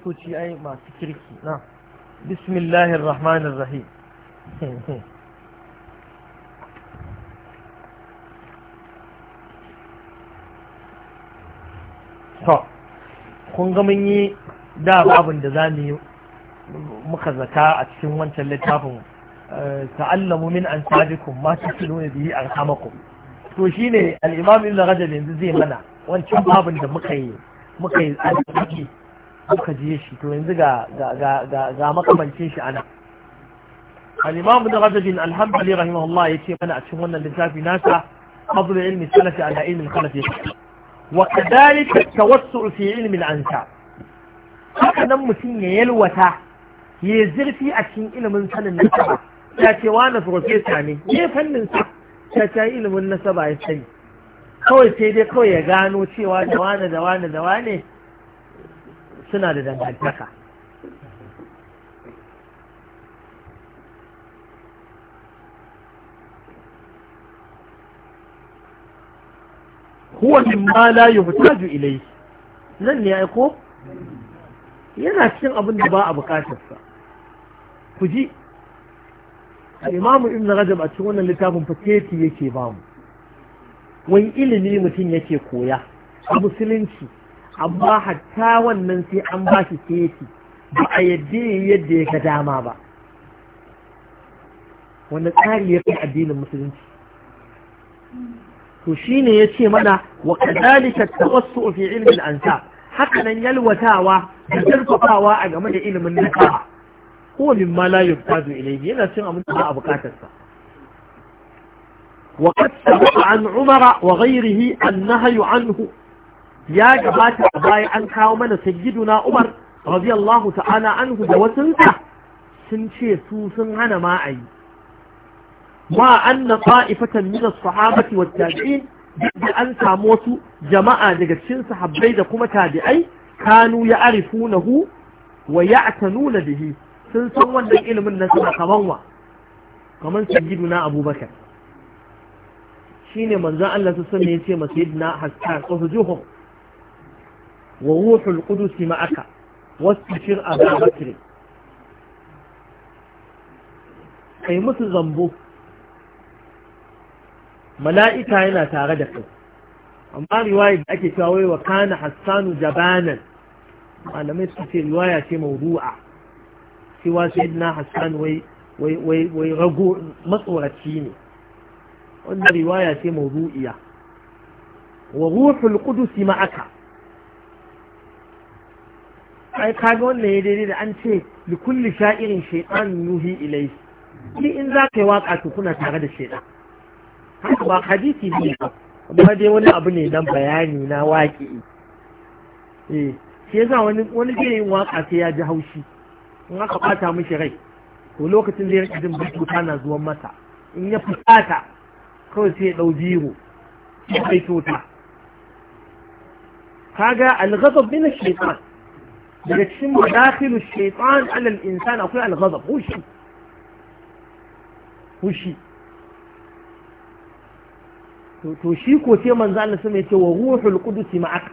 kiristoci ai masu kirki na bismillahir rahmanir rahim to kun ga mun yi da babin da za mu yi muka zaka a cikin wancan littafin eh, ta'allamu min an sadikum ma tasiluna bihi arhamakum to shine al-imam ibn rajab yanzu zai mana wancan babin da muka yi muka yi muka je shi to yanzu ga ga makamancin shi ana al-imam ibn rajab bin al-hanbali rahimahullah yace mana a cikin wannan littafi nasa fadl ilmi salafi ala ilmi al-khalaf wa kadhalika tawassu fi ilmi al ansa. haka nan mutum ya yalwata ya zurfi a cikin ilimin sanin nasaba ya ce wa wani profesa ne ne fannin sa ta ta ilimin nasaba ya sani kawai sai dai kawai ya gano cewa da wane da wane da wane suna da dangantaka huwa mimma la yuhtaju ilayhi nan ne ai ko yana cikin abin da ba a bukatar sa ku ji imamu ibn rajab a cikin wannan littafin faketi yake bamu. mu wani ilimi mutum yake koya a musulunci amma hatta wannan sai an ba shi keti ba a yadda yadda ya ga dama ba wanda tsari ya kai addinin musulunci to ne ya ce mana wa kadalika tawassu fi ilmi al-ansab haka nan yalwatawa da zurfafawa a game da ilimin nikaha ko min ma la yuftadu ilayhi yana cin abin ba a bukatar sa wa qad sabaqa an umara wa ghayrihi an nahyu anhu ya gabata a baya an kawo mana sayyiduna Umar radiyallahu ta'ala anhu da wasunsa sun ce su sun hana ma Ba yi ma anna ta'ifatan min as-sahabati wat tabi'in da an samu wasu jama'a daga cikin sahabbai da kuma tabi'ai kanu ya'rifunahu wa ya'tanuna bihi sun san wannan ilimin na suna kaman wa kaman sayyiduna Abubakar shine manzon Allah sallallahu alaihi wasallam ya ce masayidina hasan usujuhum wa ruhul qudusi ma'aka wasfir abu bakr kai musu zambo mala'ika yana tare da kai amma riwaya da ake cewa wai wa kana hassanu jabanan malamai suka riwaya ce mawdu'a cewa sayyidina hassan wai wai wai wai rago matsoraci ne wannan riwaya ce mawdu'iya wa ruhul qudus ma'aka ai kaga wannan ya daidai da an ce li kulli sha'irin shaytan nuhi ilai ki in za ka yi waka to kuna tare da shaytan haka ba hadisi ne ba amma dai wani abu ne dan bayani na waƙi eh shi yasa wani wani zai waka sai ya ji haushi in aka bata mashi rai to lokacin zai rika jin bututa na zuwan masa in ya fusata kawai sai ya dau jiro sai kai tota kaga al-ghadab min ash daga cikin madakhilu shaytan alal insan akwai al-ghadab hushi hushi to shi ko sai manzo Allah sai ce wa ruhul qudus ma'ak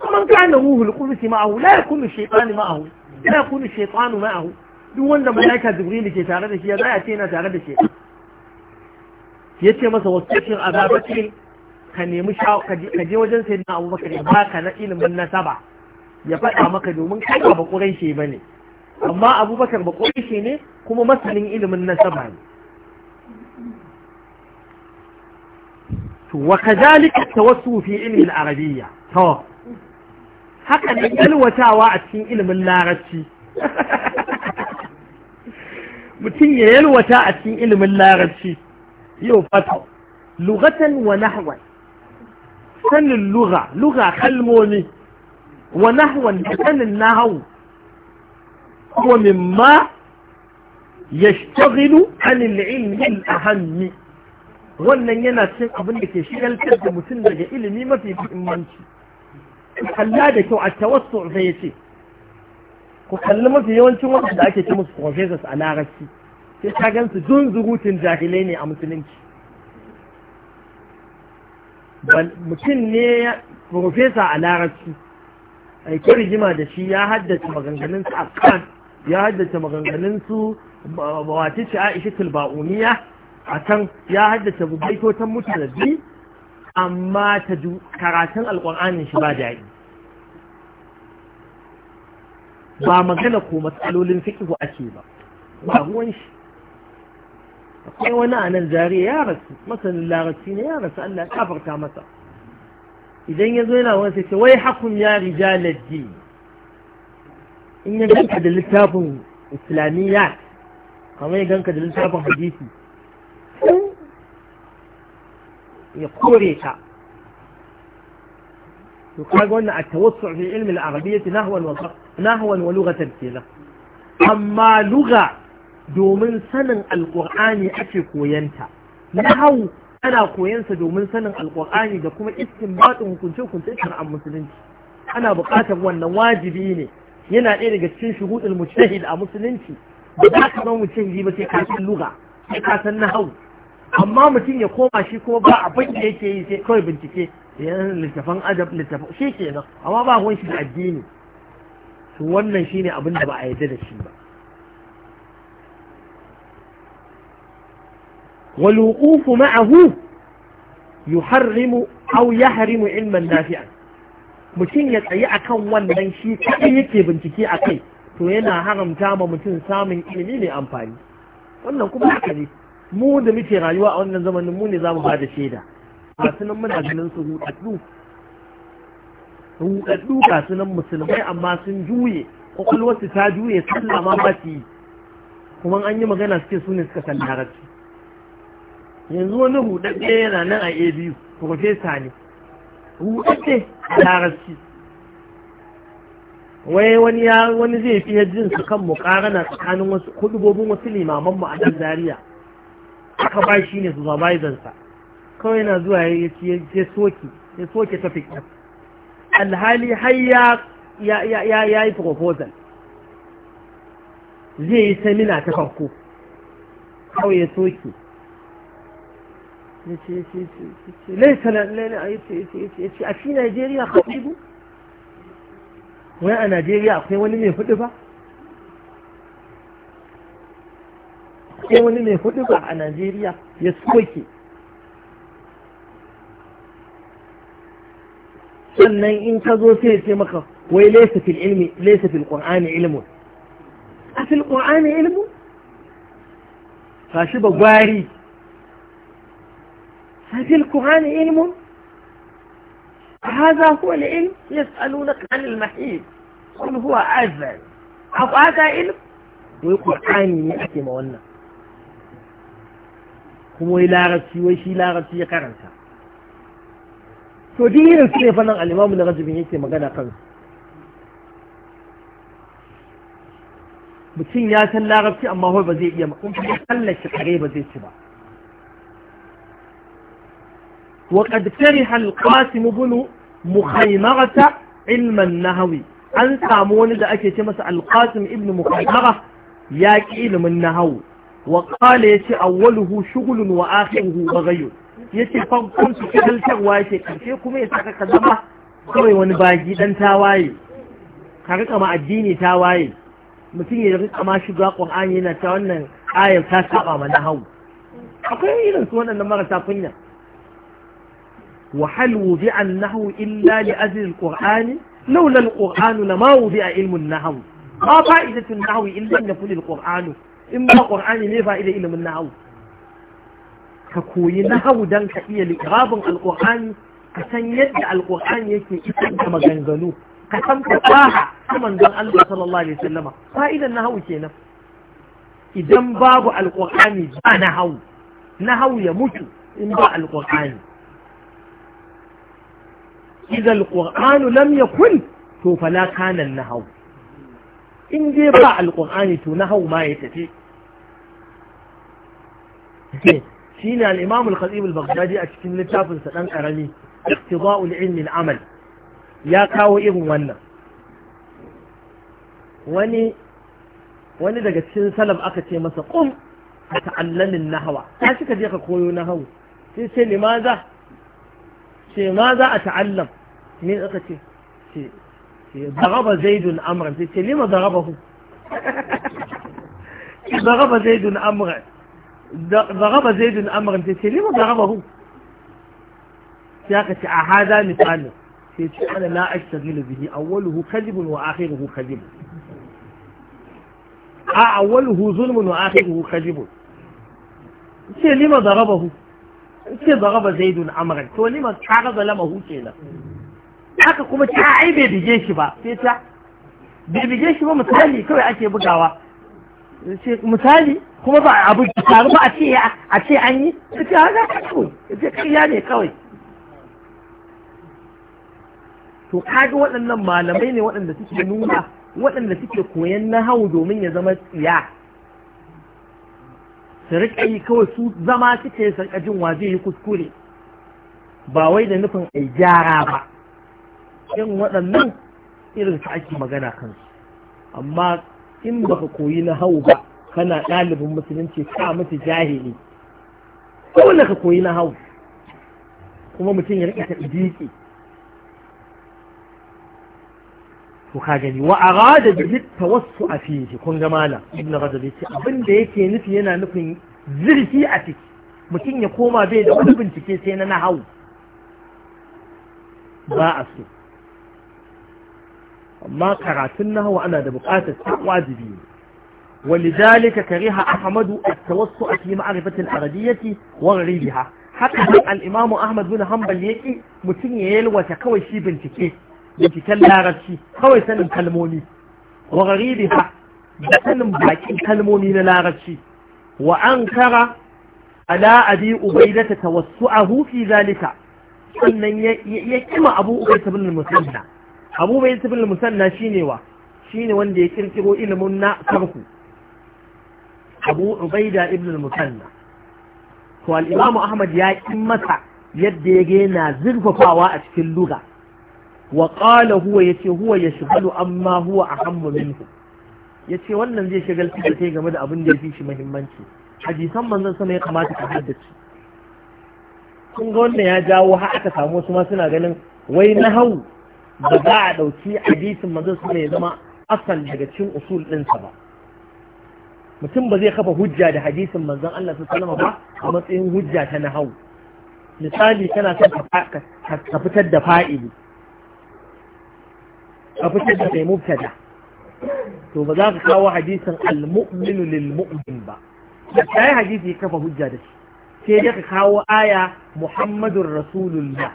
kuma kana ruhul qudus ma'ahu la yakunu shaytan ma'ahu la yakunu shaytan ma'ahu duk wanda malaika jibril ke tare da shi ya zaya ce yana tare da shi Ya ce masa wasafin azabatin ka nemi ka je wajen sayyidina abubakar ba ka na ilimin nasaba ya faɗa maka domin kai ba ƙuraishe ba ne amma abubakar ba ƙuraishe ne kuma masanin ilimin nasaba ne wa وكذلك التوسع في علم to haka ne يلوتاوا a cikin ilimin larabci mutum ya yalwata a cikin ilimin larabci yau fata lugatan wa nahwan sanin lugha lugha kalmomi wa nahwan da sanin nahawu huwa mimma yashtaghilu an wannan yana cikin abin da ke shigaltar da mutum daga ilimi mafi muhimmanci kalla da kyau a tawassu sai yace ku kalli mafi yawancin da ake ce musu professors a larabci sai ta gan su dun zurutun jahilai ne a musulunci mutum ne profesa a larabci ai ta rigima da shi ya haddace maganganun su akan ya haddace maganganun su wace ce Aisha a akan ya haddace baitotan biyu. amma ta karatun alƙur'anin shi ba daɗi ba magana ko matsalolin ko ake ba ba ruwan shi akwai wani a nan zariya ya rasu masanin larabci ne ya rasu Allah ya kafarta masa idan ya zo yana wani sai ce wai hakun ya rija ji in ya ganka da littafin islamiyya kamar ya ganka da littafin hadisi ya kore ka to kaga wannan a tawassu fi ilmi al-arabiyyah nahwan wa nahwan wa lughatan kenan amma lugha domin sanin alqur'ani ake koyanta nahwu ana sa domin sanin alkur'ani da kuma iskin istinbatin hukunce hukunce a musulunci ana buƙatar wannan wajibi ne yana ɗaya daga cikin shuhudul mujtahid a musulunci ba za ka zama mujtahidi ba sai ka san lugha sai ka san nahawu amma mutum ya koma shi kuma ba abin da yake yi sai kawai bincike yan littafan adab littafan shi kenan amma ba wani shi da addini to wannan shine abin da ba a yarda da shi ba والوقوف معه يحرم أو يحرم علما نافعا mutum ya tsaye a kan wannan shi kaɗai yake bincike a kai to yana haramta ma mutum samun ilimi mai amfani wannan kuma haka ne mu da muke rayuwa a wannan zamanin mu ne za mu bada shaida ga sunan muna ganin su hudaddu hudaddu ga sunan musulmai amma sun juye kwakwalwarsu ta juye sallah ma ba su yi kuma an yi magana suke su ne suka san larabci yanzu wani hudaɗe yana nan a abu profesa ne hudaɗe a larabci wai wani ya wani zai fiye jin su kan mukarana tsakanin wasu hudubobin wasu limaman mu a nan Zariya. aka ba shi ne supervisor sa kawai na zuwa ya ya soke ya soke ta fiƙa alhali har ya ya ya yi proposal zai yi seminar ta farko kawai ya soke ليس a ci Najeriya khatibu wai a Najeriya akwai wani mai hudu ba akwai wani mai hudu ba a Najeriya ya soke sannan in ka zo sai ce maka wai laisa fil ilmi laisa fil qur'ani ilmun a fil qur'ani ilmun kashi ba gwari هذه القرآن علم هذا هو العلم يسألونك عن المحيط قل هو أزل أو هذا علم ويقول عاني نحكي مولنا كم هو إلارتي ويشي إلارتي يقرنك فدين السيفان على الإمام الرجب يحكي مغانا قرن بتين يا سلارتي أما هو بزيء يمكن أن يحلش قريبا زيء سباك وقد كره القاسم بن مخيمرة علم النهوي an samu wani da ake ce masa alƙasim ibn mukaddara ya ƙi ilimin nahawu wa ƙala ya ce awwaluhu shugulun wa akhiruhu barayu. ya ce farkon su kaltarwa yake karshe kuma ya saka ka zama kawai wani bagi dan tawaye ka rika ma addini tawaye mutum ya rika ma shiga qur'ani yana ta wannan ayar ta saba ma nahawu akwai irin su waɗannan marasa kunya وهل وضع النحو إلا لأجل القرآن لولا القرآن لما وضع علم النحو ما فائدة النحو إن يكون القرآن إن القرآن قرآن ما فائدة من النحو كوي نحو دان كإيا لإغاب القرآن كسن يد القرآن يكي إسان كما جنغلو كسن كفاها كما جن الله صلى الله عليه وسلم فائدة النحو كينا إذا باب القرآن جاء نحو نحو يموت إن باء القرآن إذا القرآن لم يكن تو فلا كان النهو إن دي باع القرآن تو نهو ما يتفي شين الإمام الخطيب البغدادي أكتن لتافن سلام أرمي اقتضاء العلم العمل يا كاو إبن ونا wani wani daga cikin salaf aka ce masa kum a ta'allamin nahawa ta shi ka je ka koyo nahawu sai ce limaza ce ma za a ta'allam ne aka ce ce zaraba zaidun amran sai ce lima zaraba hu zaraba zaidun amran zaraba zaidun amran sai ce lima zaraba hu sai aka ce a hada misalin sai ce ana la ashtagilu bihi awwaluhu kadhibun wa akhiruhu kadhibun a awwaluhu zulmun wa akhiruhu kadhibun sai lima zarabahu ce zaraba zaidun amran to lima ta raza lamahu na, haka kuma ta ai bai bige shi ba sai ta bai bige shi ba misali kawai ake bugawa misali kuma ba abu tsari ba a ce an yi ta ce haka kawai ta kariya ne kawai to kaga waɗannan malamai ne waɗanda suke nuna waɗanda suke koyan hau domin ya zama tsiya su riƙa yi kawai su zama suke yi sarƙa jin wa zai yi kuskure ba wai da nufin a gyara ba yin waɗannan irin su ake magana kansu amma in ka koyi na hau ba kana ɗalibin musulunci ka mutu jahili wanda ka koyi na hau kuma mutum ya riƙa ta to ka gani wa arada bi tawassu'a fihi kun ga malam ibn rajab yace abin da yake nufi yana nufin zirfi a ciki mutum ya koma bai da wani bincike sai na nahawu ba a so amma karatun nahawu ana da buƙatar ta wajibi ne ولذلك كره أحمد التوسع في معرفة الأرضية وغيرها حتى الإمام أحمد بن حنبل يكي متن يلوى تكوي شي بنتكي binciken larabci kawai sanin kalmomi wa gharibiha da sanin bakin kalmomi na larabci wa ankara ala abi ubaidata tawassu'ahu fi zalika sannan ya kima abu ubaidata bin musanna abu ubaidata bin musanna shine wa shine wanda ya kirkiro ilimin na sarku abu ubaida ibn musanna to al-imam ahmad ya kin masa yadda ya ga yana zurfafawa a cikin lugha wa ƙala huwa ya ce, huwa ya shigalu amma huwa a minku Ya ce, wannan zai shagaltar da kai game da abin da ya fi shi muhimmanci hadisan manzon sama ya kamata ka haddace kun ga wannan ya jawo har aka samu su ma suna ganin wai na hau ba za a ɗauki hadisin manzon sama ya zama asal daga cikin usul ɗinsa ba mutum ba zai kafa hujja da hadisin manzon Allah salama ba a matsayin hujja ta na hau. misali tana son ka fitar da fa'ili a fitar da kai da. to ba za ka kawo hadisin al-mu'minu lil-mu'min ba sai hadisi ya kafa hujja da shi sai dai ka kawo aya muhammadur rasulullah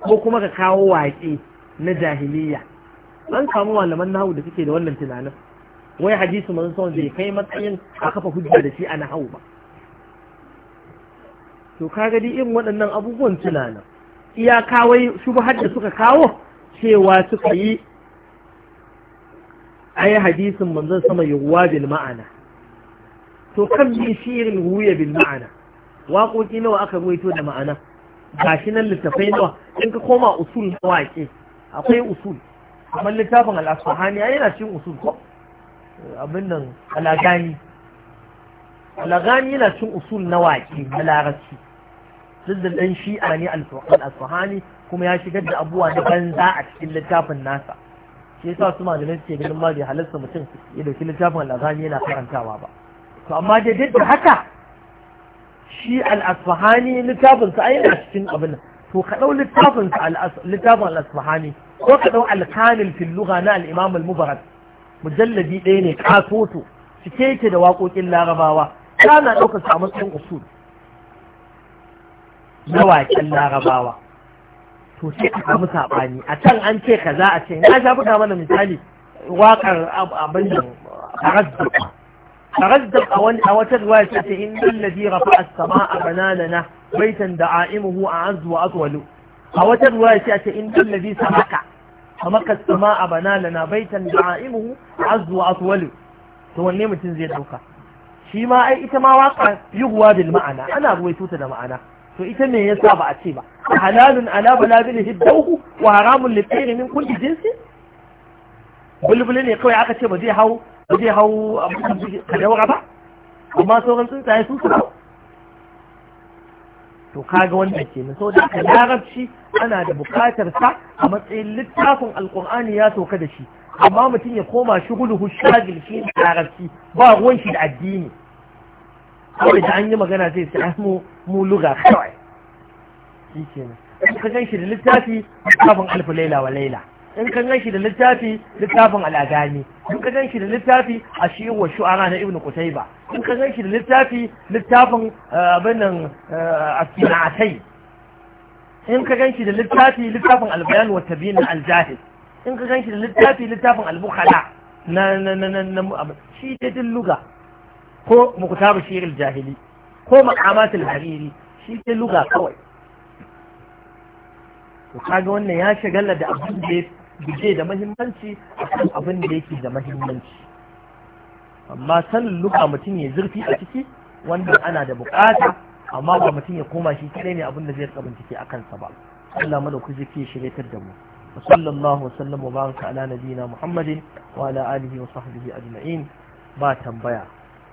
ko kuma ka kawo waƙe na jahiliya an kamu malaman nahawu da suke da wannan tunanin wai hadisi mazan sallallahu zai kai matsayin a kafa hujja da shi a nahau ba to ga dai irin waɗannan abubuwan tunanin iya kawai shubuhar da suka kawo cewa suka yi ai hadisin manzon sama yuwa bil ma'ana to kan bisirin huya bil ma'ana waƙoƙi nawa aka ruwaito da ma'ana gashi nan littafai nawa in ka koma usul waƙe akwai usul kamar littafin al'asfahani yana cin usul ko abin nan alagani alagani yana cin usul na waƙe na larabci duk da ɗan shi'a ne Al'asfahani kuma ya shigar da abubuwa na banza a cikin littafin nasa shi yasa su malamai suke ganin ma bai halarta mutum ya dauki littafin al'azami yana karantawa ba to amma dai duk da haka shi al'asfahani littafin sa ayyana cikin abin to ka dau littafin sa littafin al'asfahani ko ka dau alkanil fil lugha na al-imam al-mubarak mujalladi ɗaya ne katoto cike yake da waƙoƙin larabawa kana ɗaukar sa a matsayin usul na waƙen larabawa to sai a samu saɓani a can an ce kaza a ce na sha buga mana misali waƙar abin da tarazzuk tarazzuk a wani a wata ruwaya ta ce in lallazi rafa as-sama a bananana baitan da a'imuhu a azu wa aswalu a wata ruwaya ta ce in lallazi samaka samaka sama a bananana baitan da a'imuhu a azu wa aswalu to wanne mutum zai dauka shi ma ai ita ma waƙa yuhuwa bil ma'ana ana ruwaito ta da ma'ana to ita ya yasa ba a ce ba halalun ala balabilihi dawhu wa haramun li min kulli jinsi bulbul ne kawai aka ce ba zai hau ba zai hau daura ba amma sauran tsuntsaye sun su to kaga wannan kenan sau da aka larabci ana da bukatar sa a matsayin littafin alkur'ani ya sauka da shi amma mutum ya koma shugulu shagil shi larabci ba ruwan shi da addini kawai da an yi magana zai sa mu mu luga kawai shi nan in ka gan shi da littafi littafin alfu laila wa laila in ka gan shi da littafi littafin al'adani in ka gan shi da littafi a shi'in wa shu'ara na ibnu qutayba in ka gan shi da littafi littafin eh, abinan eh, asinatai in ka gan shi da littafi littafin albayan wa tabiyin aljahil in ka gan shi da littafi littafin albukhala na na na na shi da ko muktabu shirin jahili ko makamatul hariri shi ke luga kawai to kaga wannan ya shagala da abin da guje da mahimmanci akan abin da yake da mahimmanci amma sanin luga mutum ya zurfi a ciki wanda ana da bukata amma ba mutum ya koma shi kadai ne abin da zai tsabin ciki a kansa ba Allah ku ke shiryatar da mu وصلى الله وسلم وبارك على نبينا محمد وعلى اله وصحبه اجمعين ما